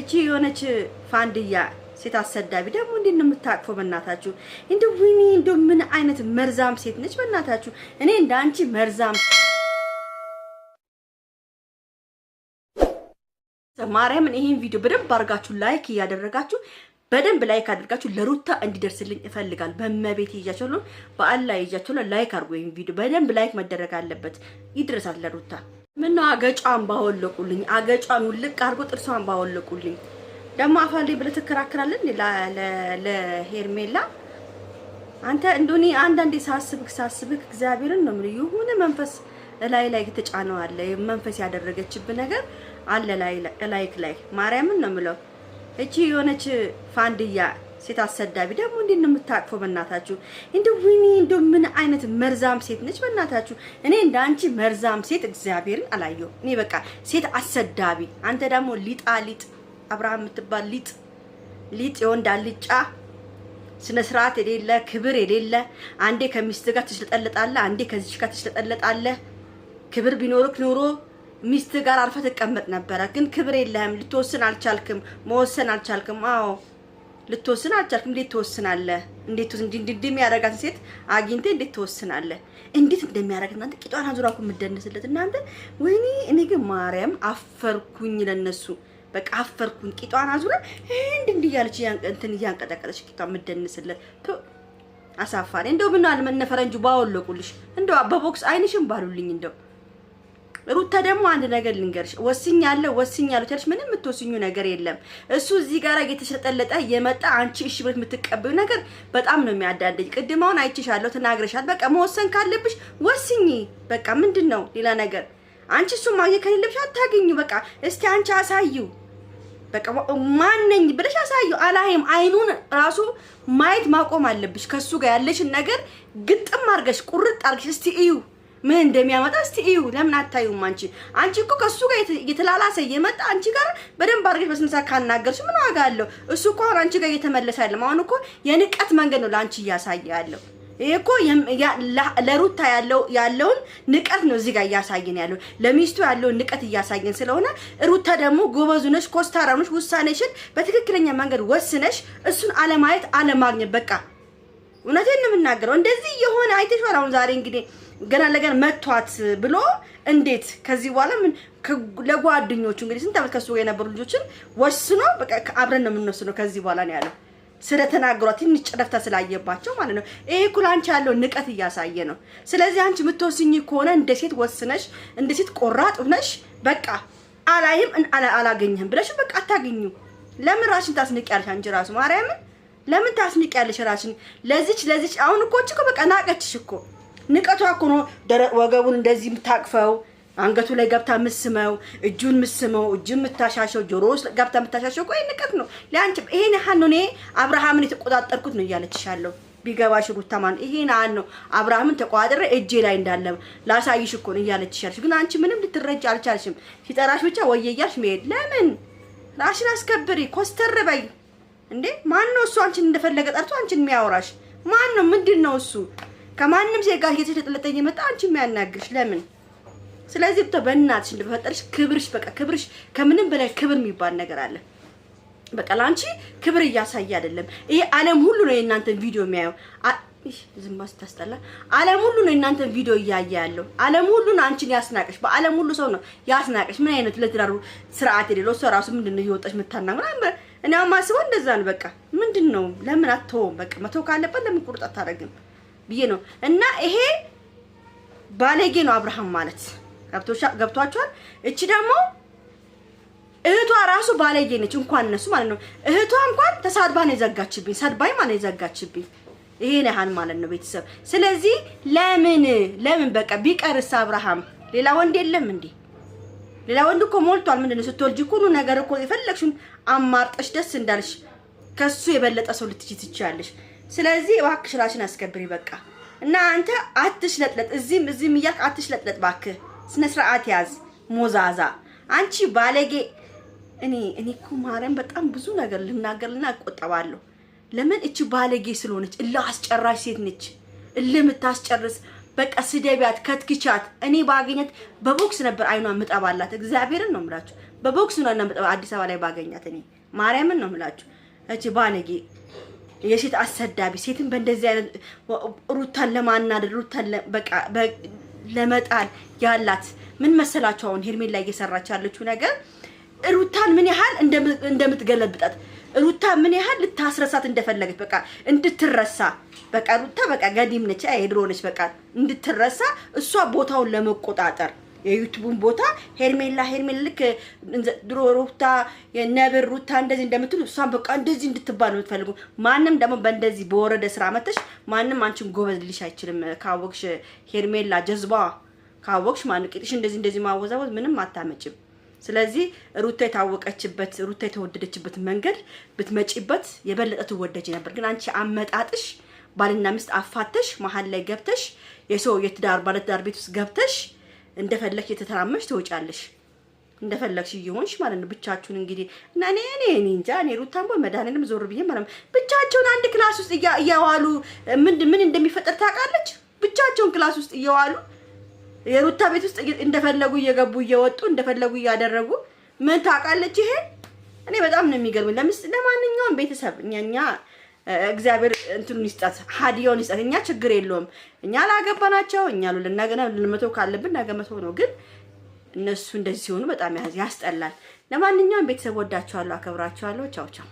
እቺ የሆነች ፋንድያ ሴት አሰዳቢ ደግሞ እንዴት ነው የምታቅፈው? በእናታችሁ እንደ ዊኒ እንደ ምን አይነት መርዛም ሴት ነች? በእናታችሁ እኔ እንደ አንቺ መርዛም ማርያምን ይሄን ቪዲዮ በደንብ አድርጋችሁ ላይክ እያደረጋችሁ በደንብ ላይክ አድርጋችሁ ለሩታ እንዲደርስልኝ እፈልጋለሁ። በመቤት ይያቻሉ በአላ ይያቻሉ ላይክ አድርጉ። ይሄን ቪዲዮ በደንብ ላይክ መደረግ አለበት። ይድረሳል ለሩታ ምነው አገጯን ባወለቁልኝ፣ አገጯን ውልቅ አድርጎ ጥርሷን ባወለቁልኝ። ደግሞ አፋልዴ ብለህ ትከራከራለህ ለሄርሜላ። አንተ እንደኔ አንዳንዴ ሳስብክ ሳስብክ እግዚአብሔርን ነው የምልህ። የሆነ መንፈስ እላይ ላይ ተጫነው አለ መንፈስ ያደረገችብህ ነገር አለ ላይ ላይ ማርያምን ነው የምለው። እቺ የሆነች ፋንድያ ሴት አሰዳቢ ደግሞ እንዴት ነው የምታቅፈው? በእናታችሁ እንደ ዊኒ እንደ ምን አይነት መርዛም ሴት ነች? በእናታችሁ እኔ እንደ አንቺ መርዛም ሴት እግዚአብሔርን አላየው። እኔ በቃ ሴት አሰዳቢ። አንተ ደግሞ ሊጣ ሊጥ አብርሃም የምትባል ሊጥ ሊጥ የወንድ አልጫ ስነ ስርዓት የሌለ ክብር የሌለ አንዴ ከሚስት ጋር ትሽለጠለጣለህ፣ አንዴ ከዚች ጋር ትሽለጠለጣለህ። ክብር ቢኖርክ ኖሮ ሚስት ጋር አርፈ ትቀመጥ ነበረ። ግን ክብር የለህም። ልትወስን አልቻልክም። መወሰን አልቻልክም። አዎ ልትወስን አልቻልክም። እንዴት ትወስናለህ? እንዴት የሚያደርጋትን ሴት አግኝቴ እንዴት ትወስናለህ? እንዴት እንደሚያደርጋት እናንተ ቂጧን አዙራ እኮ የምትደንስለት እናንተ። ወይኔ እኔ ግን ማርያም አፈርኩኝ ለነሱ በቃ አፈርኩኝ። ቂጧን አዙራ እንድ እንዲ እያለች እንትን እያንቀጠቀጠች ቂጧን የምደንስለት አሳፋሪ። እንደው ምን አለ ፈረንጁ ባወለቁልሽ። እንደው በቦክስ አይንሽም ባሉልኝ እንደው ሩታ ደግሞ አንድ ነገር ልንገርሽ፣ ወስኛለሁ ወስኛለሁ ትያለሽ። ምንም የምትወስኙ ነገር የለም። እሱ እዚህ ጋር እየተሸጠለጠ የመጣ አንቺ እሺ ብለሽ የምትቀበዩ ነገር በጣም ነው የሚያዳልጅ። ቅድማውን አይችሻለሁ፣ ተናግረሻል። በቃ መወሰን ካለብሽ ወስኝ። በቃ ምንድን ነው ሌላ ነገር? አንቺ እሱ ማግኘት ከሌለብሽ አታገኙ። በቃ እስቲ አንቺ አሳዩ በቃ ማነኝ ብለሽ አሳዩ። አላህም አይኑን ራሱ ማየት ማቆም አለብሽ። ከሱ ጋር ያለሽን ነገር ግጥም አርገሽ ቁርጥ አርገሽ እስቲ እዩ። ምን እንደሚያመጣ እስቲ እዩ። ለምን አታዩም? አንቺ አንቺ እኮ ከሱ ጋር እየተላላሰ እየመጣ አንቺ ጋር በደንብ አድርገሽ በስንሳ ካናገርሽ ምን ዋጋ አለው? እሱ እኮ አሁን አንቺ ጋር እየተመለሰ አይደለም። አሁን እኮ የንቀት መንገድ ነው ለአንቺ እያሳየ ያለው። ይሄ እኮ ለሩታ ያለው ያለውን ንቀት ነው እዚህ ጋር እያሳየን ያለው ለሚስቱ ያለውን ንቀት እያሳየን ስለሆነ ሩታ ደግሞ ጎበዙ ነሽ፣ ኮስታራ ነሽ። ውሳኔሽን በትክክለኛ መንገድ ወስነሽ እሱን አለማየት አለማግኘት በቃ እውነቴን ነው የምናገረው። እንደዚህ የሆነ አይተሽዋል። አሁን ዛሬ እንግዲህ ገና ለገና መቷት ብሎ እንዴት ከዚህ በኋላ ምን ለጓደኞቹ እንግዲህ ስንት ዓመት ከሱ የነበሩ ልጆችን ወስኖ በቃ አብረን ነው የምንወስነው ከዚህ በኋላ ነው ያለው። ስለተናገሯት ትንሽ ጨረፍታ ስላየባቸው ማለት ነው። ይሄ እኮ ለአንቺ ያለው ንቀት እያሳየ ነው። ስለዚህ አንቺ የምትወስኝ ከሆነ እንደ ሴት ወስነሽ፣ እንደ ሴት ቆራጥ ነሽ፣ በቃ አላይም አላገኘህም ብለሽ በቃ አታገኙ። ለምን ራስሽን ታስንቂያለሽ? አንቺ ራሱ ማርያምን ለምን ታስንቂያለሽ ራሽን? ለዚች ለዚች አሁን እኮ እቺ እኮ በቃ ናቀችሽ እኮ ንቀቷ እኮ ነው። ወገቡን እንደዚህ የምታቅፈው አንገቱ ላይ ገብታ ምስመው እጁን ምስመው እጁን የምታሻሸው ጆሮ ገብታ የምታሻሸው እኮ ንቀት ነው። ለአንቺ ይሄን ያህል ነው እኔ አብርሃምን የተቆጣጠርኩት ነው እያለችሻለሁ። ቢገባሽ ሩታ ማን ይሄን ያህል ነው አብርሃምን ተቆጣጥሬ እጄ ላይ እንዳለ ላሳይሽ እኮ ነው እያለችሻለሽ። ግን አንቺ ምንም ልትረጅ አልቻልሽም። ሲጠራሽ ብቻ ወየ እያልሽ መሄድ ለምን? ራሽን አስከብሪ፣ ኮስተር በይ እንዴ። ማን ነው እሱ አንቺን እንደፈለገ ጠርቶ አንቺን የሚያወራሽ ማን ነው? ምንድን ነው እሱ? ከማንም ሴት ጋር እየተለጠለጠ እየመጣ አንቺ የሚያናግርሽ ለምን? ስለዚህ ብቶ በእናትሽ እንደፈጠርሽ ክብርሽ፣ በቃ ክብርሽ፣ ከምንም በላይ ክብር የሚባል ነገር አለ። በቃ ለአንቺ ክብር እያሳየ አይደለም። ይሄ ዓለም ሁሉ ነው የእናንተን ቪዲዮ የሚያየው። ዝም ስታስጠላ። ዓለም ሁሉ ነው የእናንተን ቪዲዮ እያየ ያለው። ዓለም ሁሉ ነው አንቺን ያስናቀሽ። በዓለም ሁሉ ሰው ነው ያስናቀሽ። ምን አይነት ለትዳሩ ስርዓት የሌለው ሰው ራሱ ምንድን ነው እየወጣሽ የምታናግሩ? እኔ አሁን ማስበው እንደዛ ነው። በቃ ምንድን ነው ለምን አትተውም? በቃ መተው ካለበት ለምን ቁርጥ አታደርግም? ብዬ ነው እና ይሄ ባለጌ ነው አብርሃም ማለት ገብቷችኋል። እቺ ደግሞ እህቷ ራሱ ባለጌ ነች። እንኳን እነሱ ማለት ነው እህቷ እንኳን ተሳድባ ነው የዘጋችብኝ፣ ሰድባኝ ማለት ነው የዘጋችብኝ። ይሄን ያህል ማለት ነው ቤተሰብ። ስለዚህ ለምን ለምን በቃ ቢቀርስ አብርሃም ሌላ ወንድ የለም እንዴ? ሌላ ወንድ እኮ ሞልቷል። ምንድን ነው ስትወልጂ ሁሉ ነገር እኮ የፈለግሽውን አማርጠሽ ደስ እንዳልሽ ከሱ የበለጠ ሰው ልትችይ ትችያለሽ። ስለዚህ እባክሽ እራስሽን አስከብሪ በቃ። እና አንተ አትሽለጥለጥ፣ እዚህም እዚህም እያልክ አትሽለጥለጥ እባክህ። ስነ ስርዓት ያዝ ሞዛዛ፣ አንቺ ባለጌ። እኔ እኔ እኮ ማርያም በጣም ብዙ ነገር ልናገርልና እቆጠባለሁ። ለምን እቺ ባለጌ ስለሆነች እልህ አስጨራሽ ሴት ነች። እልህ የምታስጨርስ በቃ ስደቢያት፣ ከትክቻት። እኔ ባገኘት በቦክስ ነበር አይኗ ምጠባላት። እግዚአብሔርን ነው ምላችሁ፣ በቦክስ ነው እና ምጠባ አዲስ አበባ ላይ ባገኛት እኔ ማርያምን ነው ምላችሁ እቺ ባለጌ የሴት አሰዳቢ ሴትን በእንደዚህ አይነት ሩታን ለማናደድ ሩታን በቃ ለመጣል ያላት ምን መሰላችሁ? አሁን ሄርሜላ ላይ እየሰራች ያለችው ነገር ሩታን ምን ያህል እንደምትገለብጣት ሩታ ምን ያህል ልታስረሳት እንደፈለገች በቃ እንድትረሳ በቃ ሩታ በቃ ገዲም ነች፣ የድሮ ነች። በቃ እንድትረሳ እሷ ቦታውን ለመቆጣጠር የዩቱቡን ቦታ ሄርሜላ ሄርሜላ ልክ ድሮ ሩታ ነብር ሩታ እንደዚህ እንደምትሉ እሷን በቃ እንደዚህ እንድትባል ነው የምትፈልጉ። ማንም ደግሞ በእንደዚህ በወረደ ስራ መተሽ ማንም አንቺን ጎበዝ ልልሽ አይችልም። ካወቅሽ ሄርሜላ ጀዝባ ካወቅሽ ማን ቂጥሽ እንደዚህ እንደዚህ ማወዛወዝ ምንም አታመጭም። ስለዚህ ሩታ የታወቀችበት ሩታ የተወደደችበት መንገድ ብትመጪበት የበለጠ ትወደጅ ነበር። ግን አንቺ አመጣጥሽ ባልና ሚስት አፋተሽ መሀል ላይ ገብተሽ የሰው የትዳር ባለትዳር ቤት ውስጥ ገብተሽ እንደፈለግሽ የተተራመሽ ትወጫለሽ። እንደፈለግሽ እየሆንሽ ማለት ነው። ብቻችሁን እንግዲህ እና እኔ እኔ እኔ እንጃ እኔ ሩታም ቦይ መድኃኒንም ዞር ብዬ ማለት ነው። ብቻቸውን አንድ ክላስ ውስጥ እያዋሉ ምን ምን እንደሚፈጠር ታውቃለች። ብቻቸውን ክላስ ውስጥ እየዋሉ የሩታ ቤት ውስጥ እንደፈለጉ እየገቡ እየወጡ እንደፈለጉ እያደረጉ ምን ታውቃለች። ይሄ እኔ በጣም ነው የሚገርመኝ። ለማንኛውም ቤተሰብ እኛ እግዚአብሔር እንትኑን ይስጣት፣ ሀዲዮን ይስጣት። እኛ ችግር የለውም። እኛ ላገባናቸው እኛ ልናገና ልንመተው ካለብን እናገመተው ነው። ግን እነሱ እንደዚህ ሲሆኑ በጣም ያስጠላል። ለማንኛውም ቤተሰብ ወዳቸዋለሁ፣ አከብራቸዋለሁ። ቻው ቻው